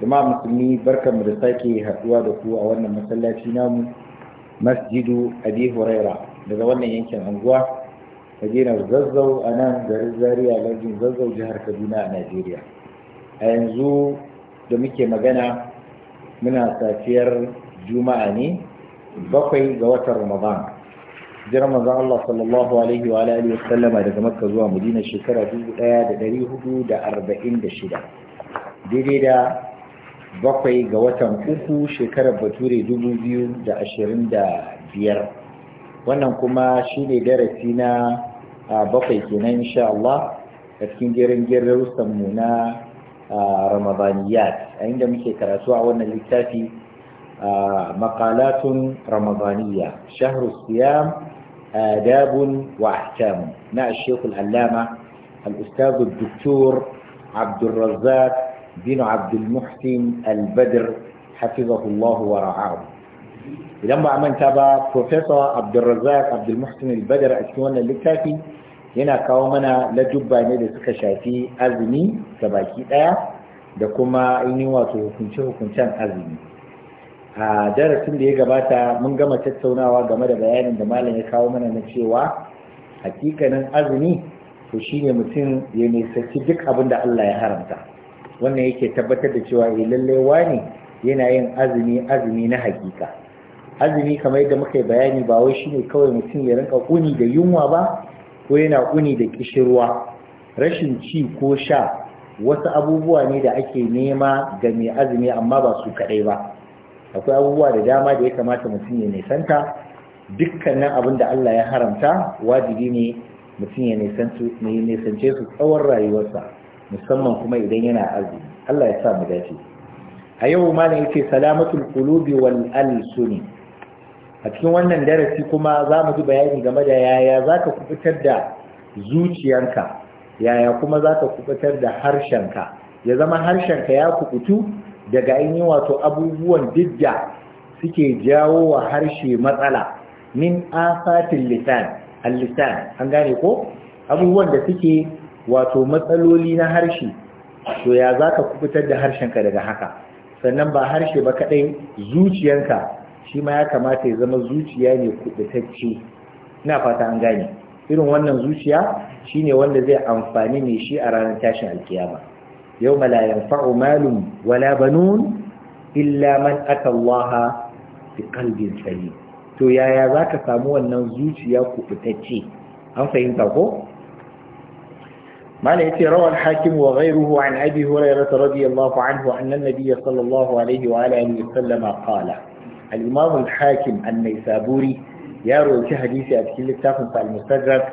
jama'a musulmi mu da sake haɗuwa da ku a wannan masallaci namu masjidu abi huraira daga wannan yankin anguwa madinar zazzau a nan garin zaria lardin zazzau jihar kaduna a najeriya a yanzu da muke magana muna safiyar juma'a ne bakwai ga watan ramadan jiran manzon Allah sallallahu alaihi wa alihi wasallama daga makka zuwa madina shekara 1446 daidai da bakwai ga watan uku shekarar bature dubu biyu da ashirin da biyar wannan kuma shi ne darasi na bakwai kenan insha Allah a cikin jerin jerin mu na ramadaniyat a inda muke karatu a wannan littafi maqalatun ramadaniya shahru siyam adabun wa ahkam na shekul allama al-ustaz doktor abdulrazzaq bin abdul muhsin al-badr wa idan ba a manta ba professor abdulrazak Abdulmuhsin AlBadar a cikin wannan littafi yana kawo mana ladubba ne da suka shafi azumi ga baki daya da kuma yi wato hukunce-hukuncen azumi a darasin da ya gabata mun gama tattaunawa game da bayanin da malam ya kawo mana na cewa hakikanin azumi to shine mutum ya nisanci duk abin da Allah ya haramta wannan yake tabbatar da cewa eh lalle wani yana yin azumi azumi na hakika azumi kamar yadda muka yi bayani ba wai shine kawai mutum ya rinka kuni da yunwa ba ko yana kuni da kishirwa rashin ci ko sha wasu abubuwa ne da ake nema ga mai azumi amma ba su kadai ba akwai abubuwa da dama da ya kamata mutum ya nisanta dukkanin abin da Allah ya haramta wajibi ne mutum ya nisance su tsawon rayuwarsa musamman kuma idan yana azumi Allah ya sa mu dace a yau malam yace salamatul qulubi wal alsuni a cikin wannan darasi kuma za mu ji bayani game da yaya zaka kubutar da zuciyanka yaya kuma zaka kubutar da harshenka ya zama harshenka ya kubutu daga ainihin wato abubuwan didda suke jawo wa harshe matsala min afatin lisan al-lisan an gane ko abubuwan da suke wato matsaloli na harshe to ya za ka kubutar da harshenka daga haka sannan ba harshe ba kaɗai zuciyanka shi ma ya kamata ya zama zuciya ne kubutacce ina fata an gane irin wannan zuciya shine wanda zai amfani ne shi a ranar tashin alkiyama yau la yanfa'u malun wala banun illa man aka Allah fi qalbin salim to yaya zaka samu wannan zuciya kubutacce an fahimta ko ما نأتي روى الحاكم وغيره عن أبي هريرة رضي الله عنه أن النبي صلى الله عليه وآله وسلم قال الإمام الحاكم النيسابوري يروي حديث أبكي لكتاب المستدرك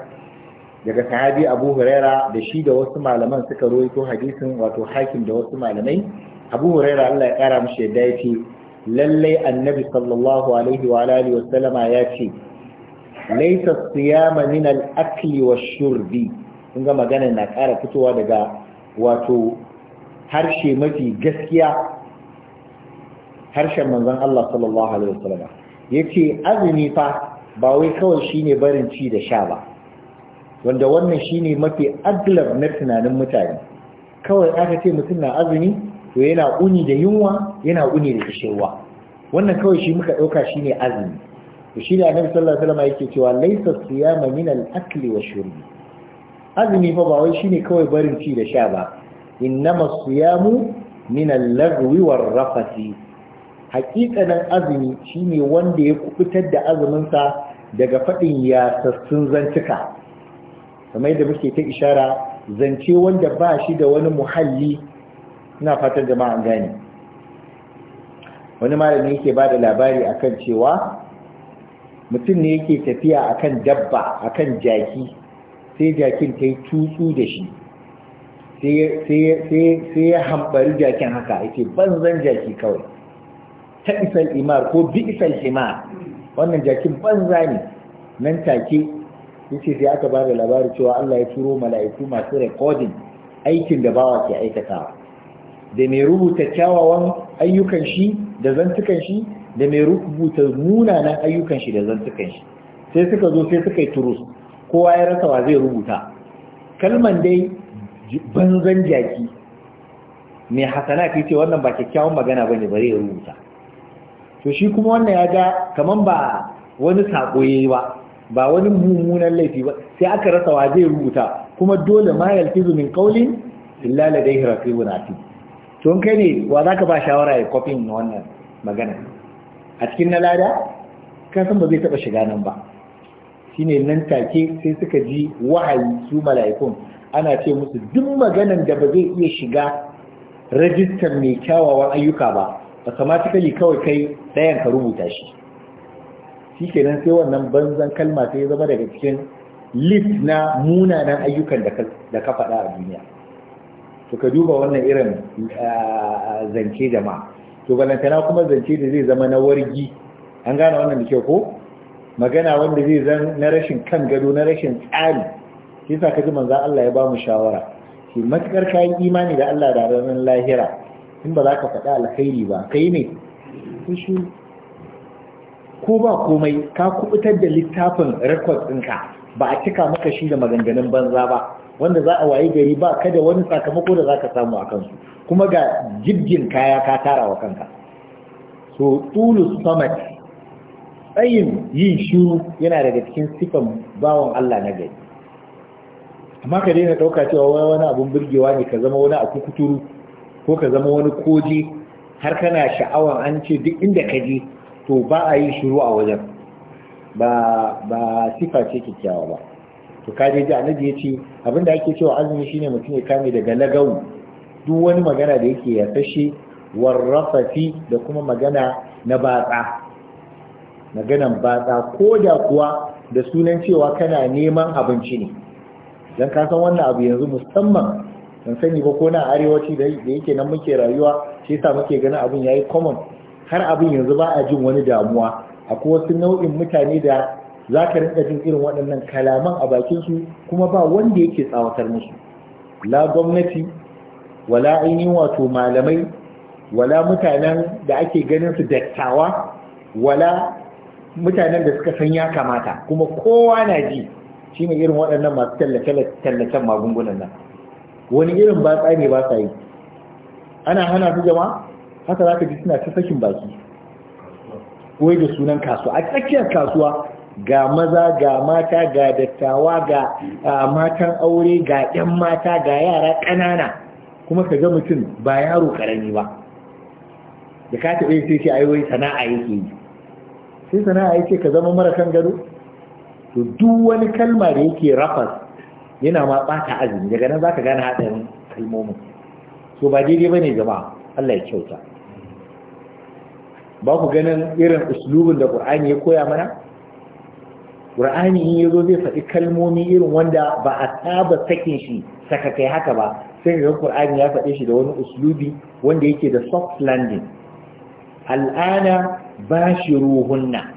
daga sahabi abu huraira da shi da wasu malaman suka roito hadisin wato hakim da wasu malamai abu huraira allah ya kara mishi ya ce lallai annabi sallallahu alaihi wa alihi ya ce laisa siyama ma al-akli wa shurbi kun ga magana na ƙara fitowa daga wato harshe mafi gaskiya harshen manzon Allah sallallahu alaihi wasallam yace azumi fa ba wai kawai shine barin ci da sha ba wanda wannan shine mafi aglab na tunanin mutane kawai aka ce mutum na azumi to yana uni da yunwa yana uni da kishirwa wannan kawai shi muka ɗauka shine azumi to shi da annabi sallallahu alaihi wasallam yake cewa laysa siyama min al-akli wa shurbi azumi fa ba wai shine kawai barin ci da sha ba inna siyamu min al-lagwi war-rafasi haƙiƙanin azumi shine wanda ya kubutar da azuminsa daga faɗin yasassun zantuka kamar yadda muke ta ishara zance wanda ba shi da wani muhalli ina fatan jama'a gane wani malami yake ba da labari akan cewa mutum ne yake tafiya akan dabba akan jaki sai jakin ta yi tutsu da shi sai ya hambari jakin haka ban banzan jaki kawai ta isal imar ko bi isal imar wannan jakin banza ne nan take ce sai aka ba da labari cewa Allah ya turo mala'iku masu rekodin aikin da bawa ke aikatawa da mai rubuta kyawawan ayyukan shi da zantukan shi da mai rubuta munanan ayyukan shi da zantukan shi sai suka zo sai suka yi turus kowa ya rasa wa zai rubuta kalman dai banzan jaki mai hasana ka ce wannan ba kyakkyawan magana ba ne bare ya rubuta to shi kuma wannan ya ga kamar ba wani saƙo ya ba ba wani mummunan laifi ba sai aka rasa wa zai rubuta kuma dole ma yalfizu min qawlin illa ladayhi wuna atid to in kai ne wa za ka ba shawara ya kofin wannan magana a cikin na lada kasan ba zai taɓa shiga nan ba shine nan take sai suka ji wahayi su mala'ikun ana ce musu duk maganan da ba zai iya shiga rajistar mai kyawawan ayyuka ba Ba kai kawai kai ɗayan ka rubuta shi shi nan sai wannan banzan kalma sai ya zama daga cikin list na munanan ayyukan da ka faɗa a duniya to ka duba wannan irin ah, zance jama'a to balantana kuma zance da zai zama na wargi an gane wannan da kyau ko magana wanda zai zan na rashin kan gado na rashin tsari shi sa kaji manzan Allah ya ba mu shawara shi matukar kayan imani da Allah da ranar lahira in ba za ka faɗa alkhairi ba kai ne ko ba komai ka kubutar da littafin rekod ɗinka ba a cika maka shi da maganganun banza ba wanda za a wayi gari ba kada wani sakamako da za ka samu a kansu kuma ga jibgin kaya ka tara wa kanka so tulu samat tsayin yin shiru yana daga cikin sifan bawon Allah na gari amma ka daina ɗauka cewa wani wani abin burgewa ne ka zama wani aku kuturu ko ka zama wani koji har kana sha'awan an ce duk inda ka je to ba a yi shiru a wajen ba sifa ce kyakkyawa ba to ka je ji annabi ya ce abin da ake cewa azumi shine mutum ya kame daga lagawu duk wani magana da yake ya fashe warrafafi da kuma magana na batsa maganan batsa ko da kuwa da sunan cewa kana neman abinci ne don ka san wannan abu yanzu musamman ban sani ba ko na arewaci da yake nan muke rayuwa shi yasa muke ganin abin yayi common har abin yanzu ba a jin wani damuwa akwai wasu nau'in mutane da za ka rinka jin irin waɗannan kalaman a bakin su kuma ba wanda yake tsawatar musu la gwamnati wala ainihin wato malamai wala mutanen da ake ganin su dattawa wala mutanen da suka san ya kamata kuma kowa na ji shi ne irin waɗannan masu tallace-tallacen magungunan nan wani irin ba ne ba sa yi ana hana su jama haka za ka ji suna ta sakin baki wai da sunan kasuwa a tsakiyar kasuwa ga maza ga mata ga dattawa ga matan aure ga 'yan mata ga yara ƙanana kuma ka ga mutum ba yaro ƙarami ba da ka taɓe sai ce ai wai sana'a yake yi sai sana'a yake ka zama mara kan gado to duk wani kalma da yake rafas yana ma bata azumi daga nan zaka gane hadarin kalmomin so ba daidai bane jama'a Allah ya kyauta ba ku ganin irin uslubin da Qur'ani ya koya mana Qur'ani in yazo zai faɗi kalmomi irin wanda ba a saba sakin shi saka kai haka ba sai ga Qur'ani ya faɗe shi da wani uslubi wanda yake da soft landing al'ana bashiruhunna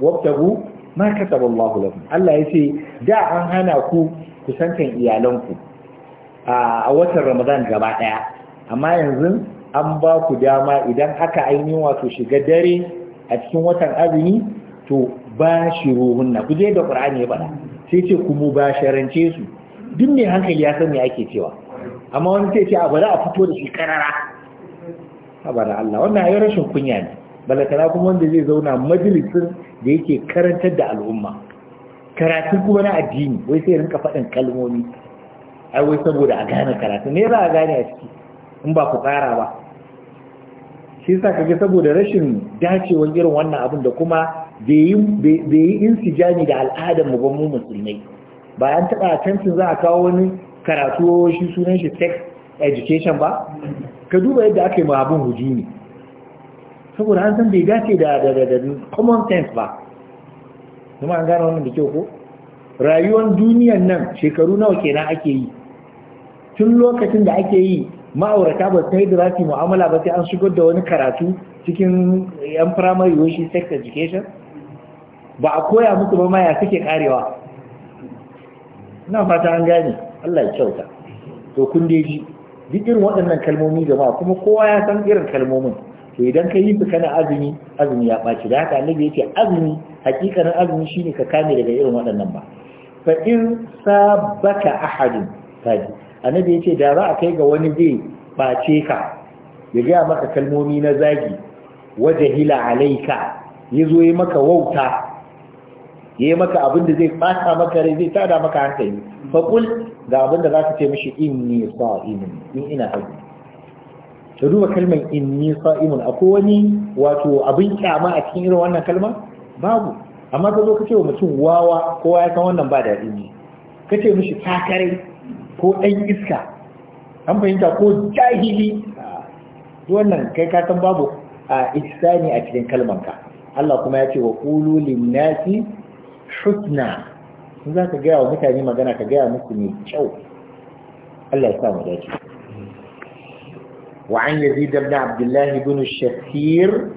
wabtabu ma kataba Allah lakum Allah yace da an hana ku kusantan iyalanku a watan Ramadan gaba daya amma yanzu an ba ku dama idan aka ainihin wato shiga dare a cikin watan azumi to bashiruhunna ku je da Qur'ani ya bada sai ce ku basharance su duk ne hankali ya san me ake cewa amma wani sai ce a bari a fito da shi karara abada Allah wannan ayi rashin kunya ne balakana kuma wanda zai zauna majalisin da yake karantar da al'umma karatu kuma na addini wai sai rinka faɗin kalmomi ai wai saboda a gane karatu ne za a gane a ciki in ba ku tsara ba shi sa ga saboda rashin dacewar irin wannan abin da kuma bai yi insijani da al'adar mu ba mu musulmai ba an taɓa tantin za a kawo wani karatu shi sunan shi education ba ka duba yadda aka yi abin hujumi saboda an san bai dace da common sense ba kuma an gane wannan da kyau ko rayuwar duniyan nan shekaru nawa kenan ake yi tun lokacin da ake yi ma'aurata ba sai da zafi mu'amala ba sai an shigar da wani karatu cikin yan primary yoshi sex education ba a koya musu ba maya suke karewa na fata an gane Allah ya kyauta to kun dai duk irin waɗannan kalmomi jama'a kuma kowa ya san irin kalmomin Sai idan ka yi su kana azumi azumi ya ɓaci da haka annabi yake azumi hakikanin azumi shine ka kame daga irin waɗannan ba fa in sabaka ahadin kaji annabi yace da za a kai ga wani zai ɓace ka ya gaya maka kalmomi na zagi wajahila alaika ya zo yi maka wauta ya yi maka abin da zai ɓata maka rai zai tada maka hankali faƙul ga abin da za ka ce mishi in ne sa'imin in ina azumi da duba kalmar inni sa'imun akwai wani wato abin kyama a cikin irin wannan kalma babu amma ka zo ka ce wa mutum wawa kowa ya san wannan ba daɗi ne ka ce mishi takare ko ɗan iska an fahimta ko jahili wannan kai ka san babu a ihsani a cikin ka. Allah kuma ya ce wa qulu nasi husna in za ka gaya wa mutane magana ka gaya musu mai kyau Allah ya sa mu dace وعن يزيد بن عبد الله بن الشخير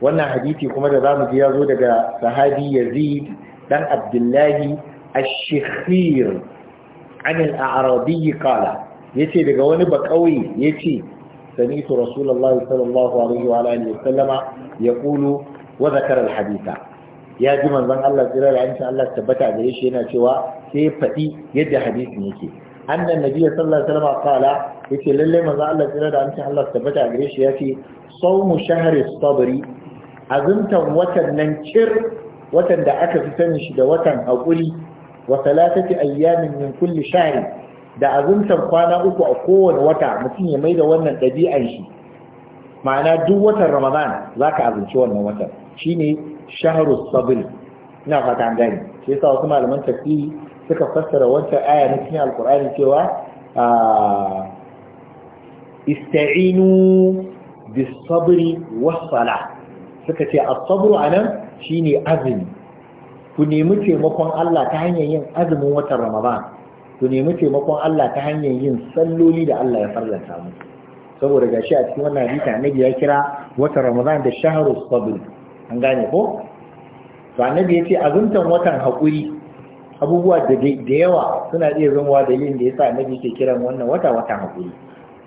وانا حديثي كما دام جيازو دقى صحابي يزيد بن عبد الله الشخير عن الأعرابي قال يتي دقى ونبا قوي يتي سمعت رسول الله صلى الله عليه وعلى آله وسلم يقول وذكر الحديث ya ji manzon Allah tsira da insha Allah tabbata gare shi yana cewa sai faɗi yadda hadisin yake annan nabiyyi sallallahu alaihi wasallam qala yace lalle manzo Allah tsira da amincin Allah tabbata gare shi yace sawmu shahri sabri azumtan watan nan cir watan da aka fi sani shi da watan hakuri wa talatati ayyamin min kulli shahri da azumtan kwana uku a kowane wata mutum ya mai da wannan ɗabi'an shi ma'ana duk watan ramadan zaka azumci wannan watan shine shahru sabri ina fata an gani shi yasa wasu malaman tafsiri suka fassara wancan aya na cikin alqur'ani cewa ah, ista'inu bis sabri was sala suka ce as-sabru anan shine azumi ku nemi taimakon Allah ta hanyar yin azumin watan Ramadan ku nemi taimakon Allah ta hanyar yin salloli da Allah ya farlanta mu saboda gashi a cikin wannan hadisi annabi ya kira watan Ramadan da shahru sabr an gane ko to annabi ya ce azumtan watan hakuri abubuwa da yawa suna iya zama dalilin da yasa annabi ke kiran wannan wata watan hakuri.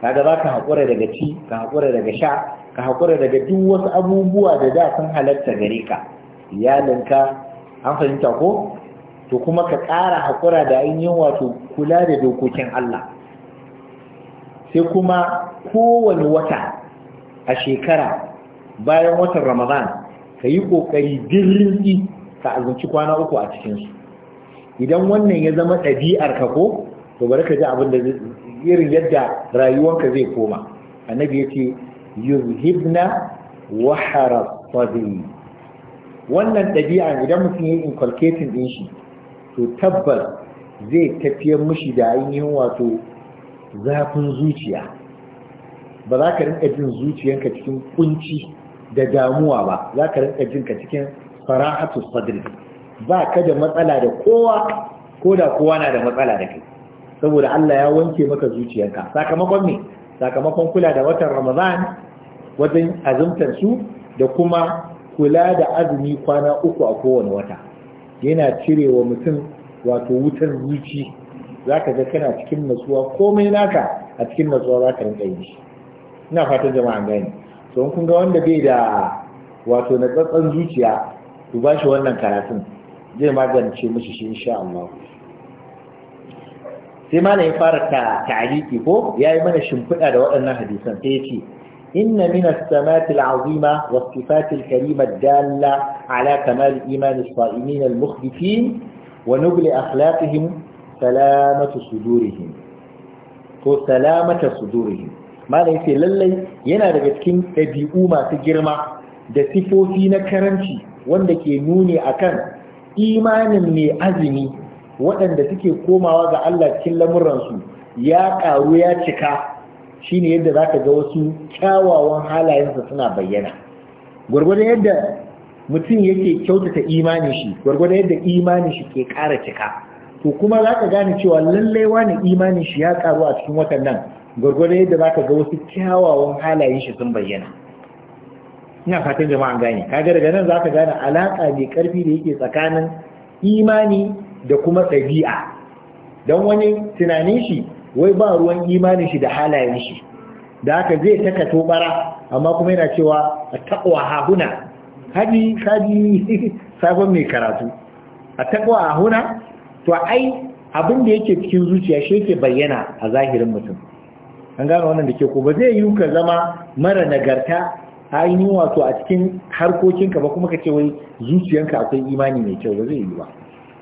kaga za ka haƙura daga ci ka haƙura daga sha ka haƙura daga duk wasu abubuwa da da sun halatta gare ka iyalinka an fahimta ko to kuma ka ƙara haƙura da an yi wato kula da dokokin Allah sai kuma kowane wata a shekara bayan watan ramadan ka yi ƙoƙari dirrinsi ka azunci kwana uku a cikinsu idan wannan ya zama ɗabi'ar ka ko to bari ka ji abin da irin yadda rayuwanka zai koma annabi ya ce yuzhibna wa harasadi wannan ɗabi'a idan mutum ya yi inculcating ɗin shi to tabbas zai tafiyar mushi da ainihin wato zafin zuciya ba za ka rinka jin zuciyanka cikin kunci da damuwa ba za ka rinka jin ka cikin fara'atu sadri ba ka da matsala da kowa ko da kowa na da matsala da kai saboda Allah ya wanke maka zuciyarka sakamakon ne sakamakon kula da watan Ramadan wajen azumtar su da kuma kula da azumi kwana uku a kowane wata yana cirewa mutum wato wutar zuci Za ka ga kana cikin nasuwa komai naka a cikin za ka rinka yi ina fatan jama'a gani to kun ga wanda bai da wato natsatsan zuciya ku ba shi wannan karatun zai magance mishi shi insha Allah sai malam ya fara ta'aliki ko ya yi mana shimfiɗa da waɗannan hadisan sai ce inna min as-samati al-azima wa sifati al-karima dalla ala kamal iman as-sa'imin al-mukhbitin wa nubli akhlaqihim salamatu sudurihim ko salamata sudurihim malam sai lallai yana daga cikin ɗabi'u masu girma da sifofi na karanci wanda ke nuni akan imanin mai azumi waɗanda suke komawa ga Allah cikin lamuransu ya ƙaru ya cika shine yadda za ka ga wasu kyawawan halayensa suna bayyana gwargwadon yadda mutum yake kyautata imani shi gwargwadon yadda imanin shi ke ƙara cika to kuma za ka gane cewa lallai wani imanin shi ya ƙaru a cikin watan nan gwargwadon yadda za ka ga wasu kyawawan halayen shi sun bayyana ina fatan jama'an gane kaga daga nan za ka gane alaƙa mai ƙarfi da yake tsakanin imani da kuma ɗabi'a don wani tunanin shi wai ba ruwan imanin shi da halayen shi da haka zai taka tobara amma kuma yana cewa a takwa hahuna haji haji sabon mai karatu a takwa hahuna to ai abin da yake cikin zuciya shi yake bayyana a zahirin mutum an gano wannan da ke ko ba zai yi ka zama mara nagarta ainihin wato a cikin harkokinka ba kuma ka ce wai zuciyanka akwai imani mai kyau ba zai yi ba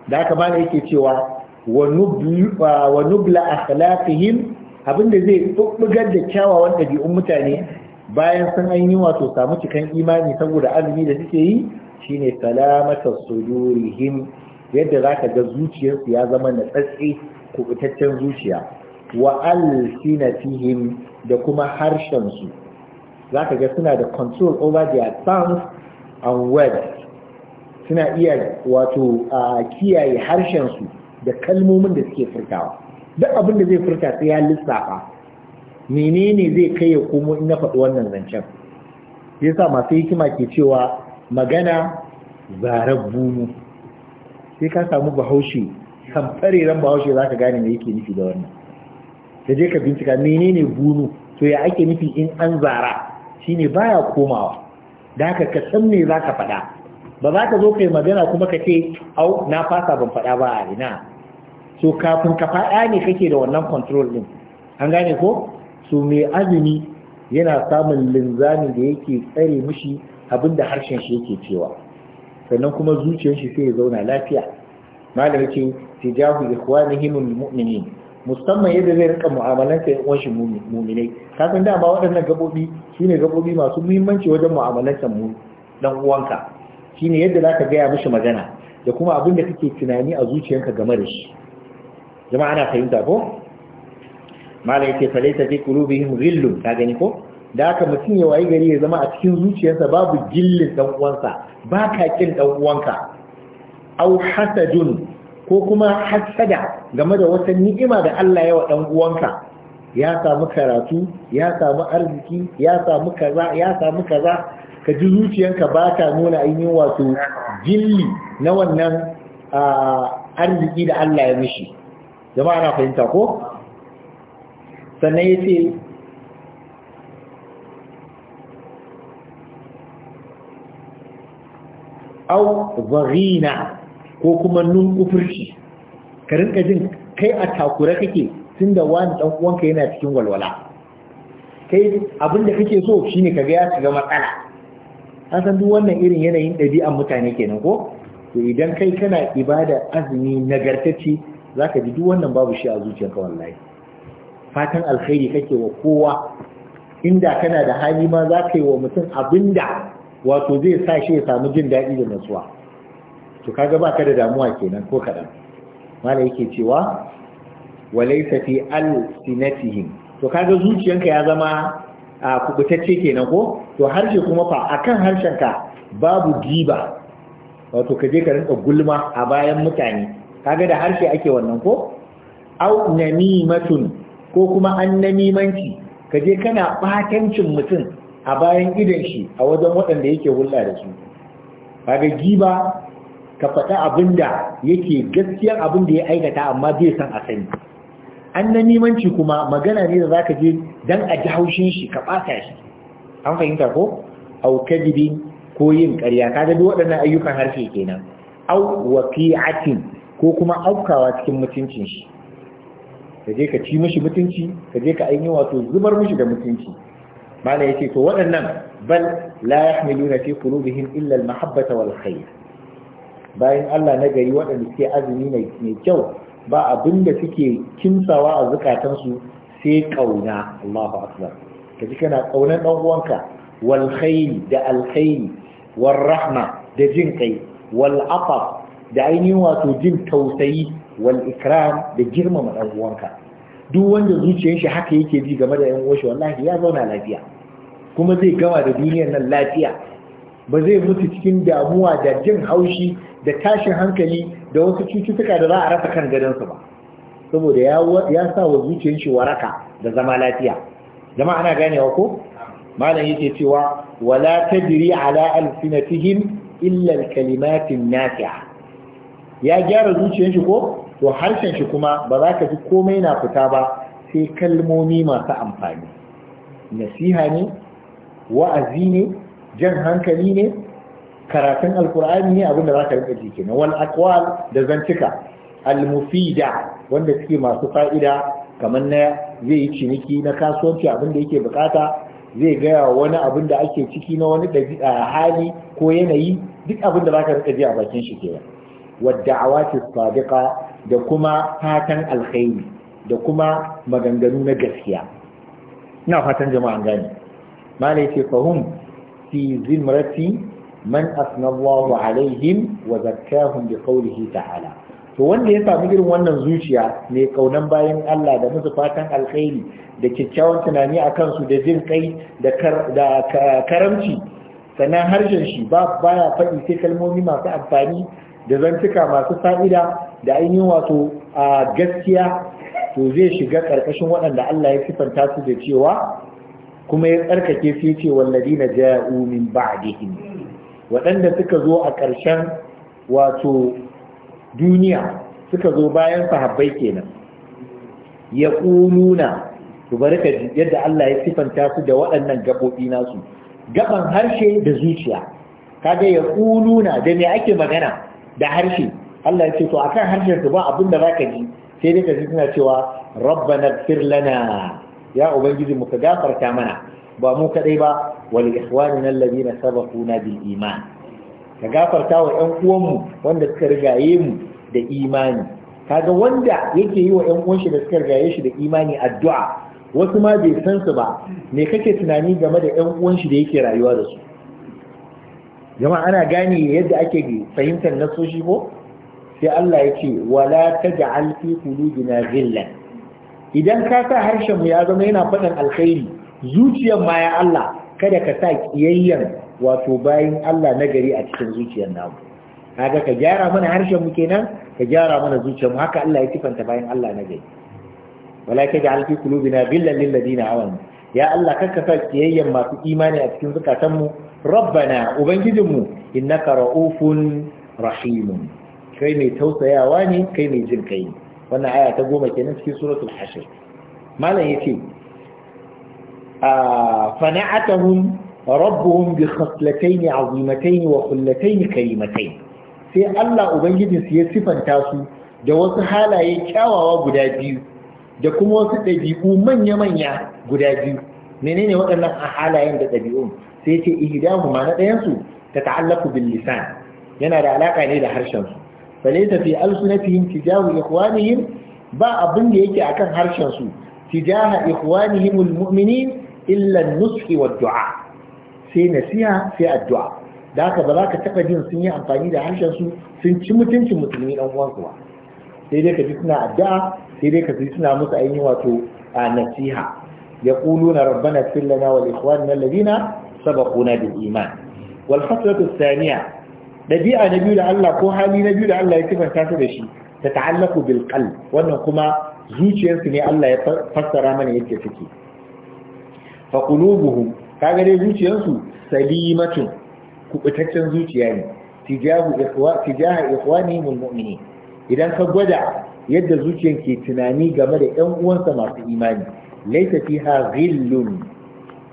da aka mana yake cewa wa nubla akhlaqihim da zai bubbugar da kyawawan ɗabi'un mutane bayan sun an yi wato samu cikan imani saboda azumi da suke yi shine salamata sudurihim yadda zaka ga zuciyarsu ya zama natsatsi fitaccen zuciya wa alsinatihim da kuma harshen su zaka ga suna da control over their tongues and words suna iya wato a kiyaye harshen su da kalmomin da suke furtawa duk abin da zai furta sai ya lissafa menene zai kai ya komo in na faɗi wannan zancen yasa masu hikima ke cewa magana zarar bunu sai ka samu bahaushe kan fareren bahaushe za ka gane me yake nufi da wannan ka je ka bincika menene bunu to ya ake nufi in an zara shine baya komawa da haka ka san me za ka faɗa ba za ka zo kai magana kuma ka ce au na fasa ban faɗa ba a ina so kafin ka faɗa ne kake da wannan control din an gane ko so mai azumi yana samun linzami da yake tsare mishi abinda harshen shi yake cewa sannan kuma zuciyar shi sai ya zauna lafiya malami ce tijahu ikhwanihim almu'minin musamman yadda zai rika mu'amalanta yan uwanshi mu'minai kafin da ba waɗannan gabobi shine gabobi masu muhimmanci wajen mu'amalantar mu dan uwanka shine yadda zaka gaya mishi magana da kuma abin da kake tunani a zuciyanka game da shi jama'a ana fahimta ko mala yake falaita fi qulubihim ghillu ka gani ko da aka mutum ya wayi gari ya zama a cikin zuciyarsa babu gillin dan uwansa ba ka kin dan uwanka aw hasadun ko kuma hasada game da wata ni'ima da Allah ya wa dan uwanka ya samu karatu ya samu arziki ya samu kaza ya samu kaza ka ji zuciyanka ba ta nuna ainihin wato jilli na wannan arziki da Allah ya mishi zama ana fahimta ko sannan ya ce au zarina ko kuma nun kufurci ka kajin jin kai a takura kake tun da wani ɗan yana cikin walwala kai abinda kake so shine ka kaga ya shiga matsala an san duk wannan irin yanayin ɗabi'an mutane kenan ko to idan kai kana ibada azumi na za zaka ji duk wannan babu shi a zuciyarka wallahi fatan alkhairi kake wa kowa inda kana da hali ma za ka yi wa mutum abinda wato zai sa shi ya samu jin daɗi da nutsuwa, to kaga ba ka da damuwa kenan ko kaɗan mala yake cewa walaysa fi al sinatihim to kaga zuciyanka ya zama a kubutacce kenan ko to harshe kuma fa akan harshenka babu giba wato ka je ka rinka gulma a bayan mutane kaga da harshe ake wannan ko au namimatun ko kuma an namimanci ka je kana batancin mutum a bayan idan shi a wajen waɗanda yake hulɗa da su kaga giba ka faɗa abinda yake gaskiyar abin da ya aikata amma bai san a sani an na nimanci kuma magana ne da za ka je don a ji haushin shi ka ɓata shi an fahimta ko au kadibi ko yin ƙarya ka ga waɗannan ayyukan harshe kenan au waqi'atin ko kuma aukawa cikin mutuncin shi ka je ka ci mishi mutunci ka je ka ainihin wato zubar mishi da mutunci ya yace to waɗannan bal la yahmiluna fi qulubihim illa al mahabbata wal khair bayan Allah na gari waɗanda suke azumi mai kyau ba abin da suke kimsawa a zukatansu sai kauna Allahu akbar ji kana kaunar dan uwanka wal khayr da al khayr wal rahma da jin kai wal afa da ainihin wato jin tausayi wal ikram da girmama dan duk wanda zuciyar shi haka yake ji game da yan washe, wallahi ya zauna lafiya kuma zai gama da duniyar nan lafiya ba zai mutu cikin damuwa da jin haushi da tashin hankali da wasu cututtuka da za a rasa kan gadonsu ba saboda ya sa wa zuciyar shi waraka da zama lafiya zama ana ganewa ko malam yake cewa wala tajri ala alsinatihim illa kalimatin nafi'a ya gyara zuciyar shi ko to harshen shi kuma ba za ka ji komai na fita ba sai kalmomi masu amfani nasiha ne wa'azi ne jan hankali ne karatun alkur'ani ne abin da za ka rika ji kenan wal aqwal da zantuka al mufida wanda suke masu fa'ida kamar na zai yi ciniki na kasuwanci abin da yake bukata zai gaya wani abin da ake ciki na wani hali ko yanayi duk abin da baka rika ji a bakin shi kenan wadda awati sadiqa da kuma fatan alkhairi da kuma maganganu na gaskiya ina fatan jama'a gane malai ce fahum fi zimrati man asna Allahu alaihim wa zakkahum bi qawlihi ta'ala to wanda ya samu irin wannan zuciya mai kaunan bayan Allah da musu fatan alkhairi da kyakkyawan tunani a kansu da jin kai da karamci sannan harshen shi ba baya faɗi sai kalmomi masu amfani da zantuka masu fa'ida da ainihin wato a gaskiya to zai shiga ƙarƙashin waɗanda Allah ya sifanta su da cewa kuma ya tsarkake su ya ce wallazi na ja'u min ba'dihim waɗanda suka zo a ƙarshen wato duniya suka zo bayan sahabbai kenan ya ƙununa su bari ka yadda Allah ya sifanta su da waɗannan gaɓoɓi nasu gaban harshe da zuciya kaga ya ƙununa da me ake magana da harshe Allah ya ce to akan harshen su ba abin da zaka ji sai dai ka ji suna cewa rabbana firlana, ya ubangiji mu ka gafarta mana ba mu kadai ba wal ikhwanina alladhina sabaquna bil iman ka gafarta wa ƴan uwanmu wanda suka rigaye mu da imani kaga wanda yake yi wa ƴan da suka rigaye shi da imani addu'a wasu ma bai san su ba me kake tunani game da ƴan uwan shi da yake rayuwa da su jama'a ana gane yadda ake fahimtar nasoshi ko sai Allah ya ce wala taj'al fi qulubina ghillan idan ka sa harshen mu ya zama yana faɗin alkhairi zuciyar ma Allah kada ka sa kiyayyan wato bayin Allah nagari a cikin zuciyar namu kaga ka gyara mana harshen mu kenan ka gyara mana zuciyar mu haka Allah ya sifanta bayin Allah nagari wala ka ja'al fi qulubina billan lil ladina amanu ya Allah ka sa kiyayyan masu imani a cikin zukatan mu rabbana ubangijin mu innaka raufun kai mai tausayawa ne kai mai jin kai wannan aya ta goma kenan cikin suratul hashr malam yace fana'atahum rabbuhum bi khaslatayn azimatayn wa sai Allah ubangijin su ya sifanta su da wasu halaye kyawawa guda biyu da kuma wasu ɗabi'u manya-manya guda biyu menene waɗannan halayen da ɗabi'un sai ce ihidahu ma na ɗayansu, ta ta'allaku bil lisan yana da alaka ne da harshen su ta fi alsunatihim tijahu ikhwanihim ba abin da yake akan harshen su tijaha ikhwanihim muminin Illan nuski wa du'a sai nasiha sai addu'a da haka ba za ka taɓa jin sun yi amfani da harshen su sun ci mutuncin musulmi dan uwan kuwa sai dai ka ji suna addu'a sai dai ka ji suna musu ainihin wato a nasiha ya kulu na fillana wal ikhwan na ladina sabaquna bil iman wal fatratu thaniya dabi'a na biyu da Allah ko hali na biyu da Allah ya kifanta su da shi ta ta'allaku bil qalb wannan kuma zuciyarsu ne Allah ya fassara mana yadda take fa qulubuhum kaga dai zuciyarsu salimatun kubutaccen zuciya ne tijahu ikhwa tijaha ikhwanihim idan ka gwada yadda zuciyar ke tunani game da ƴan uwansa masu imani laita fiha ghillun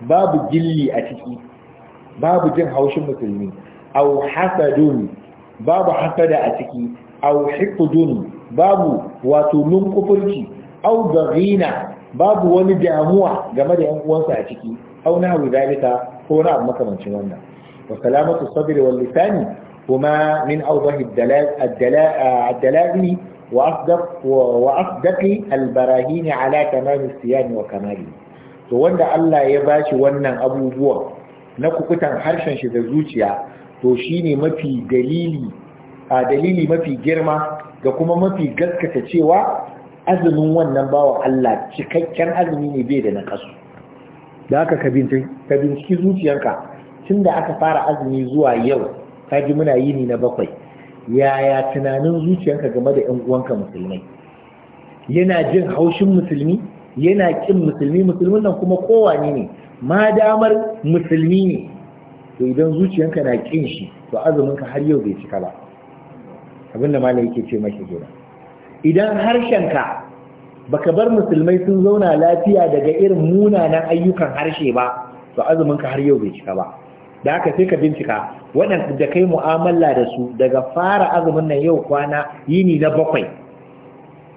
babu gilli a ciki babu jin haushin musulmi aw hasadun babu hasada a ciki aw hiqdun babu wato nunkufurci aw daghina babu wani damuwa game da yan uwansa a ciki aw nahwi zalika ko na abu makamancin wannan wa salamatu sabri wal lisani huma min awdahi ad-dalail al وأصدق ala على Siyan wa وكماله to wanda Allah ya bashi wannan abubuwa na kukutan harshen shi da zuciya to shine mafi dalili a dalili mafi girma ga kuma mafi gaskata cewa azumin wannan bawan Allah cikakken azumi ne bai da nakasu da aka ka binciki zuciyarka tun da aka fara azumi zuwa yau ka ji muna yini na bakwai yaya tunanin zuciyarka game da 'yan uwanka musulmai yana jin haushin musulmi yana ƙin musulmi musulmin nan kuma kowane ne Madamar musulmi ne to idan zuciyanka na kin shi to azuminka har yau bai cika ba Abin da Malam yake ce maki kenan idan harshenka baka bar musulmai sun zauna lafiya daga irin munanan ayyukan harshe ba to azuminka har yau bai cika ba da haka sai ka bincika waɗanda da kai mu'amala da su daga fara azumin nan yau kwana yini na bakwai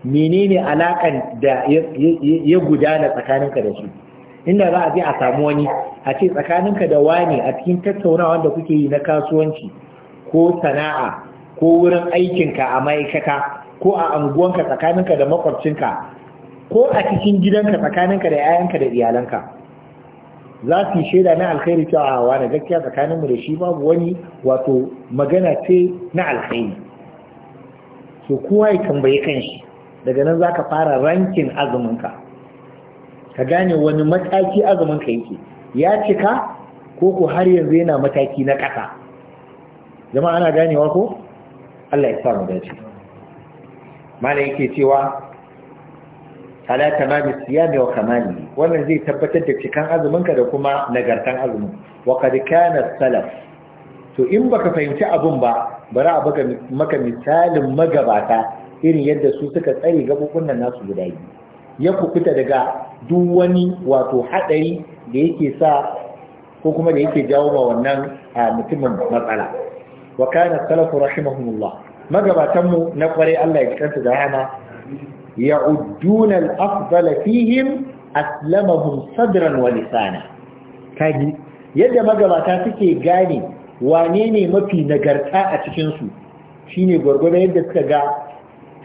menene alakan da ya gudana tsakaninka da su inda za a je a samu wani a ce tsakaninka da wani a cikin tattaunawa da kuke yi na kasuwanci ko sana'a ko wurin aikinka a ma'aikata ko a anguwanka tsakaninka da makwabcinka ko a cikin gidanka tsakaninka da 'ya'yanka da iyalanka za su yi shaida na alkhairi cewa a na gaskiya tsakaninmu da shi babu wani wato magana ce na alkhairi so kowa ya tambayi kanshi daga nan za ka fara rankin azuminka ka gane wani mataki azuminka yake ya cika ko ko har yanzu yana mataki na ƙasa jama'a ana ganewa ko Allah ya sa mu dace mana yake cewa ala tamami siyami wa kamali wannan zai tabbatar da cikan azuminka da kuma nagartan azumin wa qad kana salaf to in baka fahimci abun ba bari a baka maka misalin magabata irin yadda su suka tsare gabubunan nasu guda biyu ya kukuta daga duk wani wato hadari da yake sa ko kuma da yake jawo ma wannan mutumin matsala wa kana salafu rahimahumullah magabatanmu na kwarai Allah ya kanta da hana ya'udduna al-afdal fihim aslamahum sadran wa lisana kaji yadda magabata suke gane wane ne mafi nagarta a cikinsu su shine gwargwado yadda suka ga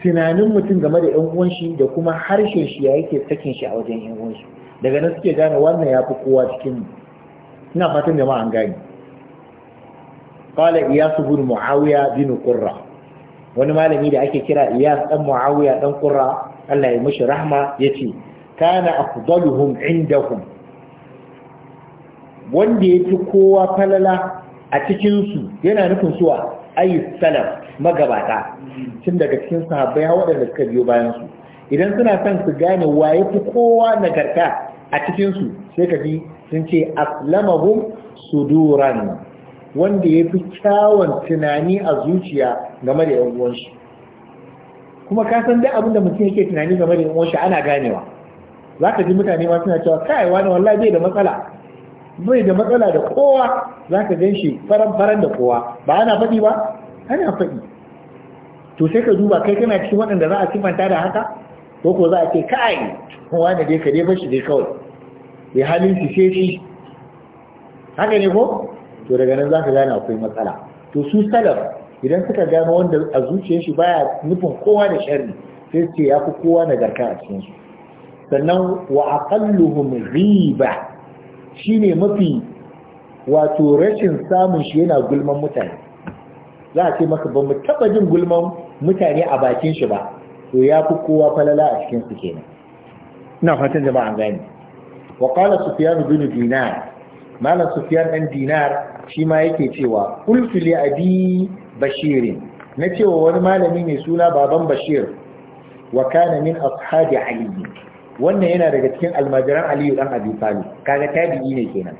tunanin mutum game da 'yan uwan da kuma harshen shi ya yake sakin shi a wajen 'yan uwan daga nan suke gane wannan ya fi kowa cikin mu ina fatan jama'a an gane qala iyas bin muawiya bin qurra wani malami da ake kira iyas dan muawiya dan qurra Allah ya mishi rahma yace kana afdaluhum indahum wanda yafi kowa falala a cikin su yana nufin suwa ayyus salaf magabata tun daga cikin sahabbai har waɗanda suka biyo bayan su idan suna son su gane wa yafi kowa nagarta a cikin su sai ka ji sun ce aslamahum suduran wanda ya fi kyawun tunani a zuciya game da yan kuma ka san dai abinda mutum yake tunani game da yan ana ganewa za ka ji mutane ma suna cewa kai wani wallah bai da matsala bai da matsala da kowa za ka gan shi faran-faran da kowa ba ana faɗi ba ana faɗi to sai ka duba kai kana cikin waɗanda za a siffanta da haka ko ko za a ce kai wani dai ka dai bashi dai kawai bai halin shi sai shi haka ne ko to daga nan za ka gane akwai matsala to su salaf idan suka gano wanda a zuciyar shi baya nufin kowa da sharri sai ce ya fi kowa nagarta a cikin su sannan wa aqalluhum riba shine mafi wato rashin samun shi yana gulman mutane za a ce maka ba mu taba jin gulman mutane a bakin shi ba to ya fi kowa falala a cikin su kenan ina fatan jama'a gani wa qala sufyan bin dinar malam sufyan dan dinar shi ma yake cewa qultu li abi bashirin na cewa wani malami mai suna baban bashir wa kana min ashabi ali wannan yana daga cikin almajiran aliyu dan abi talib kaga tabi'i ne kenan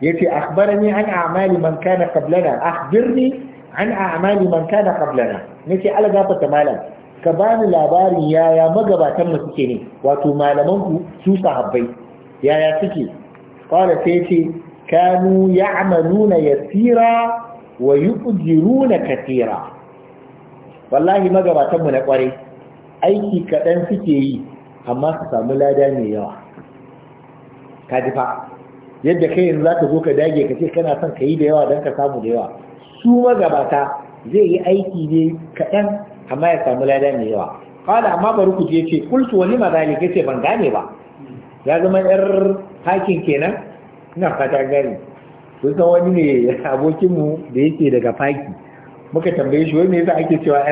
yace akhbarani an a'mali man kana qablana akhbirni an a'mali man kana qablana nace algafa ta malam ka bani labarin yaya magabatan mu suke ne wato malaman ku su sahabbai yaya suke qala sai kanu ya'maluna yasira wa na katira wallahi magabatan na kware aiki kadan suke yi amma su samu lada mai yawa ka ji fa yadda kai yanzu zaka zo ka dage ka kana son kayi da yawa dan ka samu da yawa su magabata zai yi aiki ne kadan amma ya samu lada mai yawa kala amma bari ku je ce kultu wani magani ce ban gane ba ya zama yar hakin kenan ina fata gari sun san wani ne abokinmu da yake daga faki muka tambaye shi wani yasa ake cewa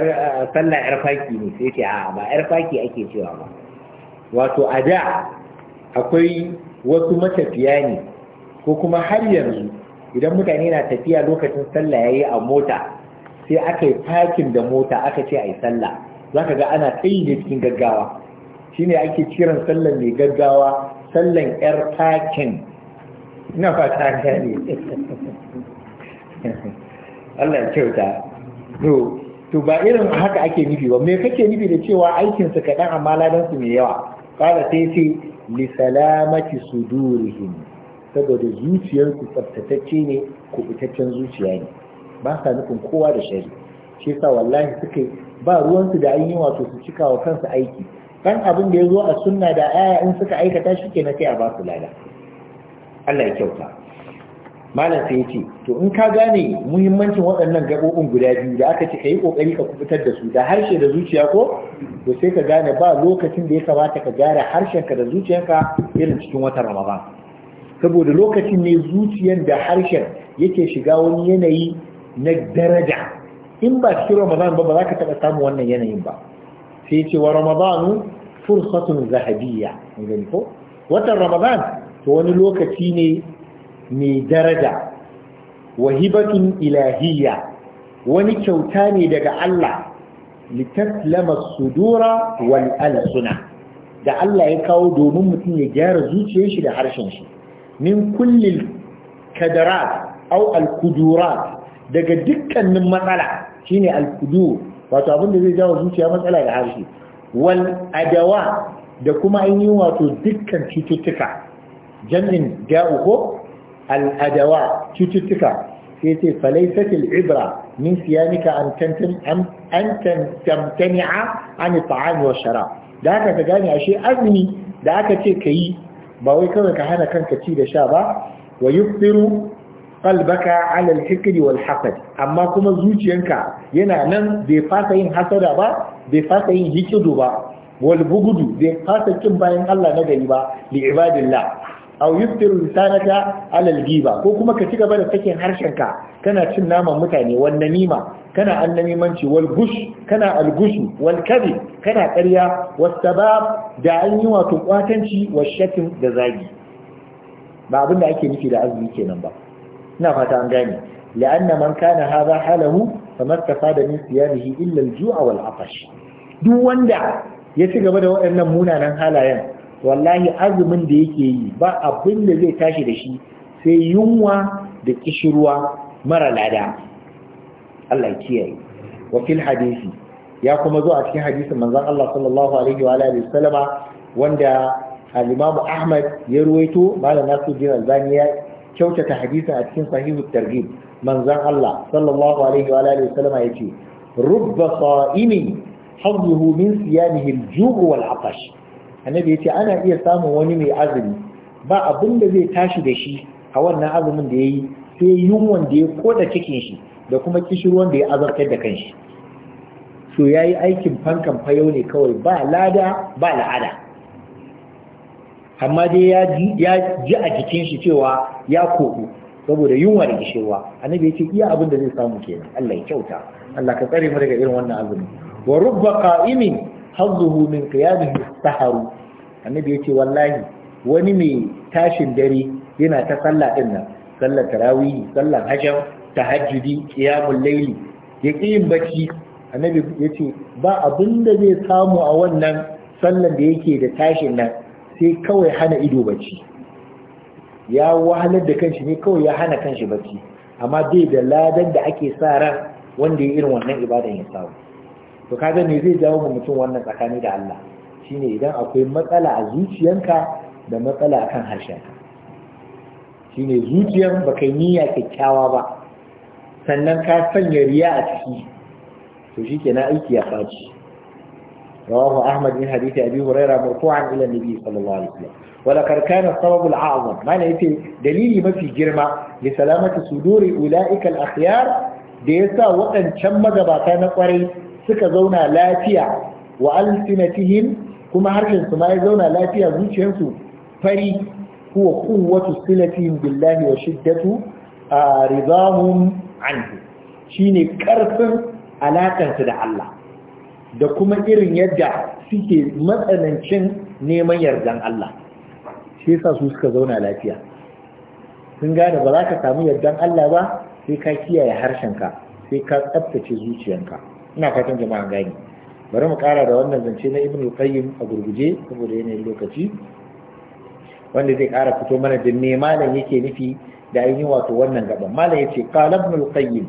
sallah yar faki ne sai ce a'a ba yar faki ake cewa ba wato a da akwai wasu matafiya ne ko kuma har yanzu idan mutane na tafiya lokacin sallah yayi a mota sai aka yi fakin da mota aka ce a yi sallah za ga ana tsayi ne cikin gaggawa shine ake kiran sallan mai gaggawa sallan yar fakin na fata gane Allah kyauta to to ba irin haka ake nufi ba me kake nufi da cewa aikin su kaɗan amma ladan su mai yawa kala sai ce li salamati sudurihim saboda zuciyar ku tsaftatacce ne ku fitaccen zuciya ne ba sa nufin kowa da shari shi sa wallahi suka ba ruwan su da an wato su cika wa kansu aiki kan abin da ya zo a sunna da aya in suka aikata shi ke na kai a ba su lada Allah ya kyauta malam sai yace to in ka gane muhimmancin waɗannan gabobin guda biyu da aka ce kai kokari ka kubutar da su da harshe da zuciya ko to sai ka gane ba lokacin da ya kamata ka gyara harshenka da zuciyarka irin cikin watan Ramadan saboda lokacin ne zuciyar da harshen yake shiga wani yanayi na daraja in ba cikin Ramadan ba ba za ka taɓa samun wannan yanayin ba sai ce wa Ramadanu fursatun zahabiyya in gani ko watan Ramadan to wani lokaci ne mai daraja wahibatun ilahiyya wani kyauta ne daga Allah litaslama sudura wal alsuna da Allah ya kawo domin mutum ya gyara zuciyar shi da harshen shi min kullil kadarat aw al kudurat daga dukkanin matsala shine al kudur wato abin da zai jawo zuciya matsala da harshe wal adawa da kuma an yi wato dukkan cututtuka jam'in ja'u ko al'adawa cututtuka sai ce falaisatil ibra min siyamika an tantin an an ta'ami wa shara da haka ka gane ashe azumi da aka ce ka yi ba wai kawai ka hana kanka ci da sha ba wa yufiru qalbaka ala al-hikri wal hasad amma kuma zuciyanka yana nan bai fasa yin hasada ba bai fasa yin hikidu ba wal bugudu bai fasa kin bayan Allah na gari ba li ibadillah aw yuftiru lisanaka ala alghiba ko kuma ka ci gaba da sakin harshenka kana cin naman mutane wal namima kana annamimanci wal gush kana al-Gushu, wal kadhib kana ƙarya was sabab da an yi wato kwatanci was shakin da zagi ba abin da ake nufi da azumi kenan ba ina fata an gane la'anna man kana hadha halahu da min siyamihi illa al-ju'a wal 'atash duk wanda ya ci gaba da waɗannan munanan halayen wallahi azumin da yake yi ba abin da zai tashi da shi sai yunwa da kishirwa mara lada Allah kiyaye wa fil hadisi ya kuma zo a cikin hadisin manzon Allah sallallahu alaihi wa alihi wanda al-Imam Ahmad ya ruwaito malam Nasiruddin Albani ya kyautata hadisin a cikin sahihu targhib manzon Allah sallallahu alaihi wa alihi sallama yace rubba sa'imin حظه من صيامه الجوع annabi ya ce ana iya samun wani mai azumi ba abin da zai tashi da shi a wannan azumin da ya yi sai yunwan da ya koda cikin shi da kuma kishirwan da ya azartar da kanshi so ya yi aikin fankan fayau ne kawai ba lada ba la'ada amma dai ya ji a jikin shi cewa ya koko saboda yunwa da kishirwa annabi ya ce iya abin da zai samu kenan Allah ya kyauta Allah ka tsare mu daga irin wannan azumi wa rubba qa'imin hazzuhu min qiyamihi saharu annabi yace wallahi wani mai tashin dare yana ta sallah din nan sallar tarawih sallar hajjam tahajjudi qiyamul layli yaqiyin bacci annabi yace ba abinda zai samu a wannan sallar da yake da tashin nan sai kawai hana ido bacci ya wahalar da kanshi ne kawai ya hana kanshi bacci amma bai da ladan da ake sa ran wanda ya irin wannan ibadan ya samu to kaga me zai jawo mu mutum wannan tsakani da Allah shine idan akwai matsala a zuciyanka da matsala akan harshenka shine zuciyan baka yi niyya kyakkyawa ba sannan ka sanya riya a ciki to shikenan aiki ya faci رواه أحمد من حديث أبي هريرة مرفوعا إلى النبي صلى الله عليه وسلم ولقد كان السبب الأعظم ما نأتي دليل ما في جرمة لسلامة صدور أولئك الأخيار da ya sa waɗancan magabata na ƙwarai suka zauna lafiya wa alfinatihim kuma harshen su ma zauna lafiya zuciyarsu fari huwa quwwatu silatihim billahi wa shiddatu ridahum anhu shine karfin alakan su da Allah da kuma irin yadda suke matsanancin neman yardan Allah shi yasa su suka zauna lafiya sun gane ba za ka samu yardan Allah ba sai ka kiyaye harshenka sai ka tsaftace zuciyarka. ina fatan jama'a gani bari mu kara da wannan zance na ibn qayyim a gurguje saboda yanayin lokaci wanda zai kara fito mana da me malam yake nufi da ainihin wato wannan gaban malam yace qala ibn qayyim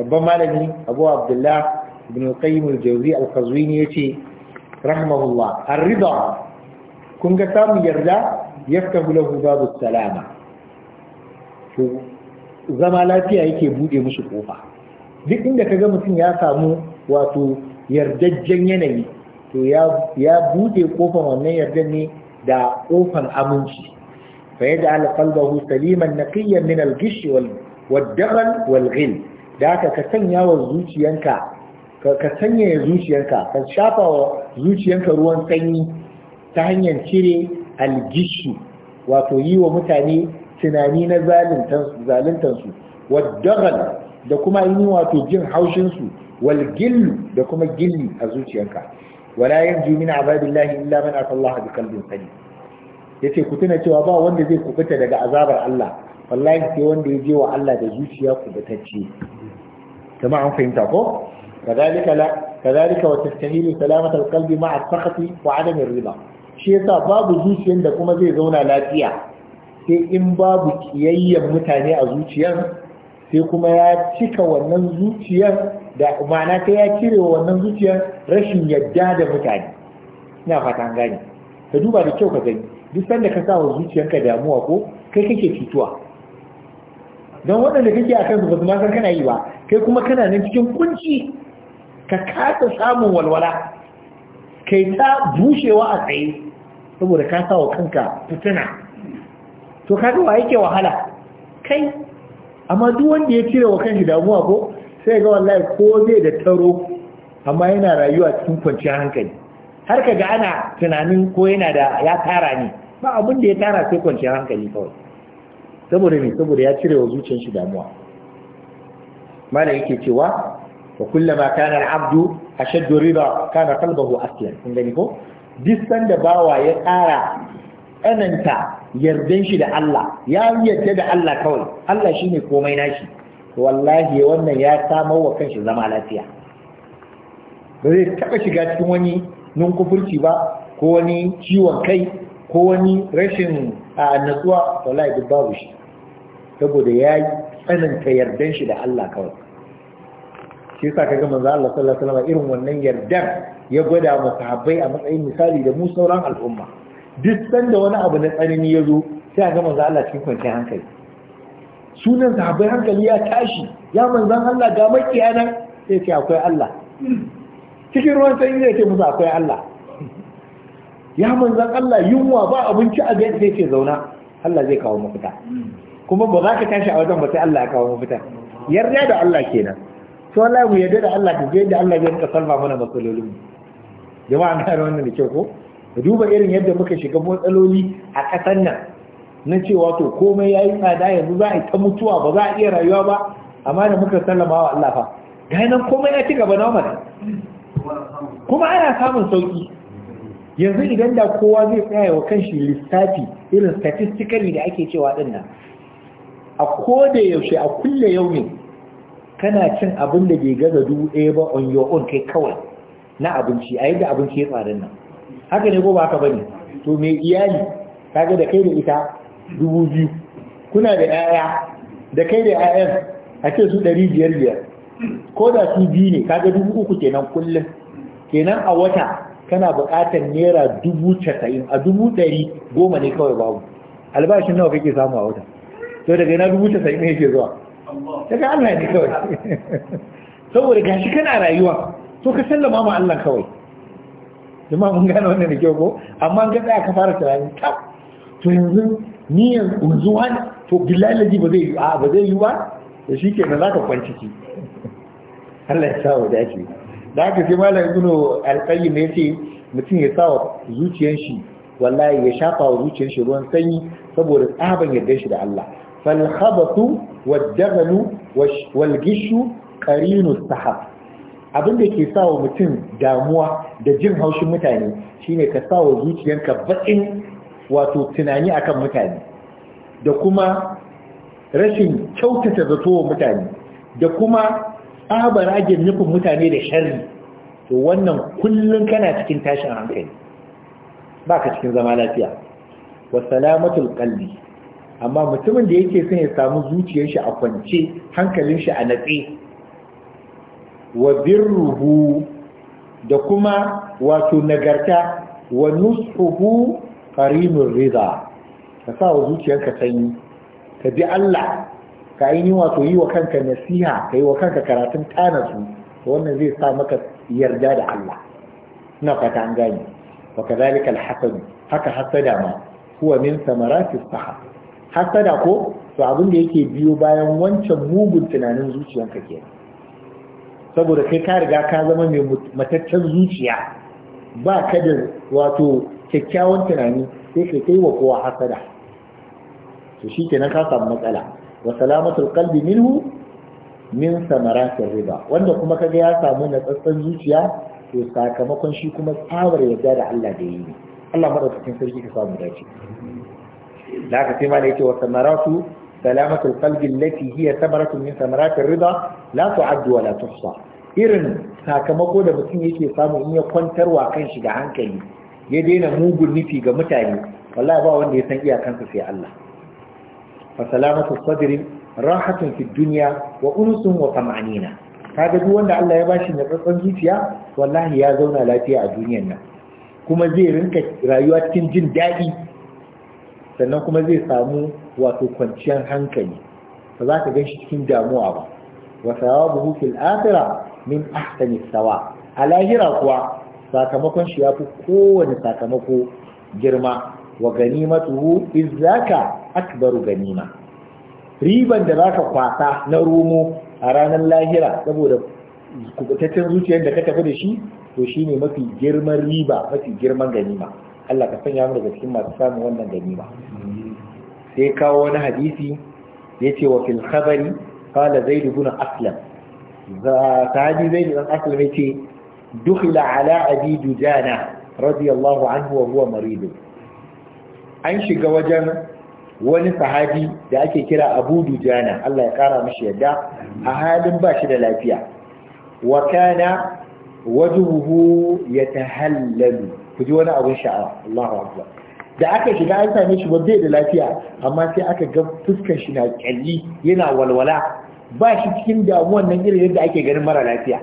babban malami abu abdullah ibn qayyim al-jawzi al-qazwini yace rahimahullah ar-ridha kun ga samun yarda yaftahu lahu babu salama zama lafiya yake bude musu kofa duk inda kaga mutum ya samu wato yardajjen yanayi to ya bude kofan wannan yardan ne da ƙofan aminci fa yadda ala qalbahu saliman naqiyan min al-ghish wal wad-daghal wal-ghil da ka ka sanya wa zuciyanka ka sanya zuciyanka ka shafa wa zuciyanka ruwan sanyi ta hanyar cire al-ghish wato yi wa mutane tunani na zaluntansu waddaghal da kuma ainihin wato jin haushinsu wal gillu da kuma gilli a zuciyarka wala yanju min azabillahi illa man ata Allah bi qalbin salim yace ku tuna cewa ba wanda zai kubuta daga azabar Allah wallahi sai wanda ya je wa Allah da zuciya kubutacce kama an fahimta ko kadalika la kadalika wa tastahilu salamat alqalbi ma'a sakhati wa adam ar riba. shi yasa babu zuciyar da kuma zai zauna lafiya sai in babu kiyayyen mutane a zuciyar sai kuma ya cika wannan zuciyar da ma'ana ta ya cire wannan zuciyar rashin yadda da mutane ina fata an gane ka duba da kyau ka gani duk sanda ka sa wa zuciyarka damuwa ko kai kake cutuwa don waɗanda kake a kan ba basu san kana yi ba kai kuma kana nan cikin kunci ka kasa samun walwala kai ta bushewa a tsaye saboda ka sa wa kanka fitina to kaga wa yake wahala kai amma duk wanda ya cire wa kanshi damuwa ko sai ga wallahi ko zai da taro amma yana rayuwa cikin kwanciyar hankali har ka ga ana tunanin ko yana da ya tara ne ba abin da ya tara sai kwanciyar hankali kawai saboda me saboda ya cire wa zuciyar shi damuwa malam yake cewa wa kullama kana al-abdu ashaddu rida kana qalbuhu aslan kun gani ko duk sanda bawa ya tsara tsananta yardan shi da Allah ya yarda da Allah kawai Allah shine komai nashi wallahi wannan ya samar wa kanshi zama lafiya ba zai taɓa shiga cikin wani nunkufurci ba ko wani ciwon kai ko wani rashin a natsuwa wallahi duk babu shi saboda ya tsananta yardan shi da Allah kawai shi yasa kaga manzo Allah sallallahu alaihi wasallam irin wannan yardan ya gwada mu sahabbai a matsayin misali da mu sauran al'umma duk sanda wani abu na tsanani ya zo sai a ga manzo Allah cikin kwanci hankali sunan sahabbai hankali ya tashi ya manzan Allah ga maki yanar sai ce akwai Allah cikin ruwan sanyi zai ce musu akwai Allah ya manzan Allah yunwa ba abinci a gani sai ce zauna Allah zai kawo mafita kuma ba za ka tashi a wajen ba sai Allah ya kawo mafita yarda da Allah kenan to Allah mu yarda da Allah da yadda Allah zai rika salma mana matsalolin mu an gane wannan da kyau ko ka duba irin yadda muka shiga matsaloli a ƙasar nan na cewa to komai ya yi tsada yanzu za a yi ta mutuwa ba za a iya rayuwa ba amma da muka sallama wa Allah fa ga nan komai ya ci gaba na normal kuma ana samun sauki yanzu idan da kowa zai tsaya wa kanshi lissafi irin statistically da ake cewa din nan a koda yaushe a kulle yau ne kana cin abin da bai gaza dubu ɗaya ba on your own kai kawai na abinci a yadda abinci ya tsarin nan haka ne ko ba haka bane to mai iyali kage da kai da ita dubu biyu kuna da 'ya'ya da kai da 'ya'yan a ce su ɗari biyar biyar ko da su biyu ne kage dubu uku kenan kullum kenan a wata kana buƙatar naira dubu casa'in a dubu ɗari goma ne kawai babu albashin nawa kake samu a wata to daga yana dubu casa'in ne yake zuwa daga Allah ne kawai saboda gashi kana rayuwa to ka sallama ma Allah kawai jama'a mun gane wannan da kyau ko amma ga tsaya ka fara tunani ta to yanzu ni yanzu wani to billahi ba zai yi a ba zai yi ba to shi ke na za ka kwanci ki Allah ya sa wa dace da haka sai malam ibn alqayyim ne yace mutum ya sawa zuciyar shi wallahi ya shafa wa zuciyar shi ruwan sanyi saboda tsaban yadda shi da Allah fal khabatu wad daghnu wal gishu qarinu sahab abin da ke sawa mutum damuwa da jin haushin mutane shine ka sawa zuciyanka baƙin wato tunani akan mutane da kuma rashin kyautata zato mutane da kuma tsabar nufin mutane da sharri to wannan kullum kana cikin tashin hankali ba ka cikin zama lafiya wa salamatul amma mutumin da yake son ya samu zuciyar shi a kwance hankalin shi a natse wa birruhu da kuma wato nagarta wa nushuhu qarinur rida ka sa wa zuciyarka sanyi ka bi Allah ka ainihin wato yi wa kanka nasiha ka yi wa kanka karatun tanasu wannan zai sa maka yarda da Allah ina fata an gane wa kadhalika al haka hasada ma huwa min samarati saha hasada ko to abin da yake biyo bayan wancan mugun tunanin zuciyarka kenan saboda kai ka riga ka zama mai mataccen zuciya ba ka da wato kyakkyawan tunani sai kai kai wa kowa hasada to shi kenan ka samu matsala wa salamatul qalbi minhu min samaratir riba wanda kuma kaga ya samu natsatsen zuciya to sakamakon shi kuma tsabar yadda da Allah da yi Allah madaukakin sarki ka samu dace da haka sai ma da yake wa samaratu سلامة القلب التي هي ثمرة من ثمرات الرضا لا تعد ولا تحصى irin sakamako da mutum yake samun in ya kwantarwa kan shi da hankali ya daina mugun nufi ga mutane wallahi ba wanda ya san iyakansa sai Allah fa salamatu sadri rahatun fi dunya wa unusun wa tamanina kaga duk wanda Allah ya bashi natsatsan zuciya wallahi ya zauna lafiya a duniyar nan kuma zai rinka rayuwa cikin jin daɗi sannan kuma zai samu wato kwanciyar hankali ba za ka gan shi cikin damuwa ba wa buhu fil afira min ahsani sawa a lahira kuwa sakamakon shi ya fi kowane sakamako girma wa ka, izzaka akbaru ganima riban da zaka kwasa na rumo a ranar lahira saboda kubutaccen zuciyar da ka tafi da shi to shine mafi girman riba mafi girman ganima Allah ka sanya mu daga cikin masu samun wannan ganima sai kawo wani hadisi yace wa fil khabari kala Zaidu ibn aslam sahabi zaid ibn aslam yace dukhila ala abi dujana radiyallahu anhu wa huwa maridu. an shiga wajen wani sahabi da ake kira abu dujana Allah ya kara mashi yadda a halin ba shi da lafiya wa kana wajuhu yatahallalu ku ji wani abin sha'awa Allahu akbar da aka shiga an same shi bai da lafiya amma sai aka ga fuskar shi na kyalli yana walwala ba shi cikin damuwan nan irin yadda ake ganin mara lafiya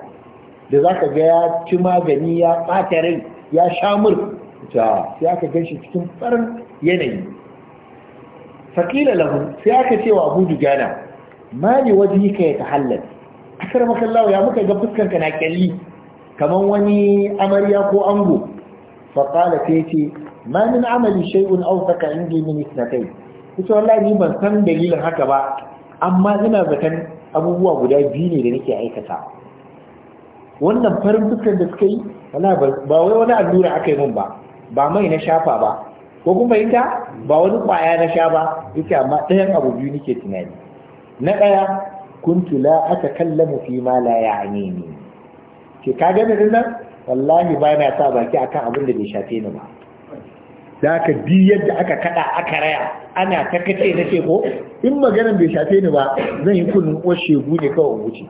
da zaka ga ya ci magani ya ɓata rai ya sha mur ta sai aka gan shi cikin farin yanayi faƙila lahu sai aka ce wa abu dugana ma ne waje ka ya tahallal akar makallawa ya muka ga fuskanka na kyalli kamar wani amarya ko ango faƙala ta ce ma min amali shay'un aw saka indi min isnatai ita wallahi ni ban san dalilin haka ba amma ina zaton abubuwa guda biyu ne da nake aikata wannan farin fuskar da suka yi ba wai wani allura aka yi min ba ba mai na shafa ba ko kuma ita ba wani kwaya na sha ba yake amma ɗayan abu biyu nake tunani na ɗaya kuntu la aka kallamu fi ma la ya'ani ni ke ka gane nan wallahi ba na sa baki akan abin da bai shafe ni ba da aka bi yadda aka kada aka raya ana ta kace na ce ko in maganar bai shafe ni ba zan yi kunun shegu ne kawai wuce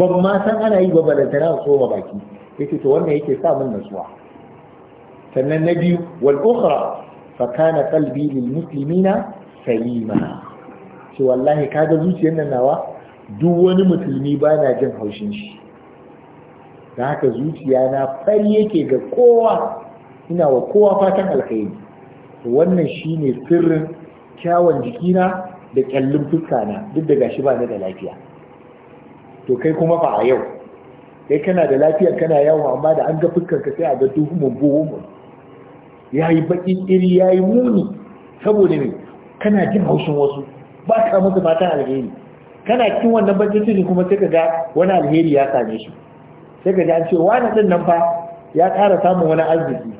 ban ma san ana yi ba balantana a soma baki yake to wannan yake sa min nasuwa sannan na biyu wal ukhra fa kana qalbi lil muslimina salima ce wallahi kaga zuciyar nan nawa duk wani musulmi bana jin haushin shi da haka zuciya na fari yake ga kowa ina wa kowa fatan alkhairi wannan shine sirrin kyawun jikina da kyallin fuskana duk da gashi ba ni da lafiya to kai kuma fa a yau kai kana da lafiya kana yawo amma da an ga fuskar ka sai a ga duhumun buhumun yayi bakin iri yayi muni saboda me kana jin haushin wasu ba ka musu fatan alheri kana cikin wannan bakin kuma sai ka ga wani alheri ya same shi sai ka ji an ce wani ɗin nan fa ya ƙara samun wani arziki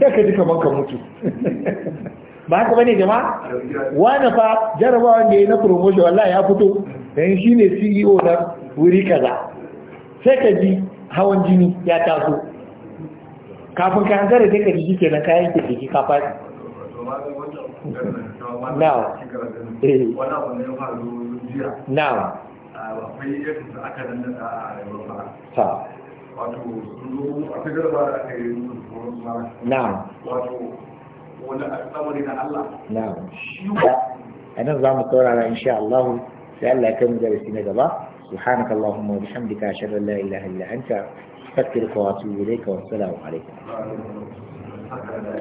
sai ka ji kamar ka mutu ba haka bane jama'a wani fa jarabawan da ya na promotion wallahi ya fito dan shi ne CEO na wuri kaza sai ka ji hawan jini ya taso kafin ka hankali sai ka ji shi kenan kayan ke jiki ka faɗi now eh. now akwai yadda wato sun zo a fitar ba da aka yi na wato wani al'amari na Allah na a nan za mu saurara insha Allah sai Allah ya kai darasi na gaba سبحانك اللهم وبحمدك أشهد أن لا إله إلا أنت أستغفرك وأتوب إليك والسلام عليكم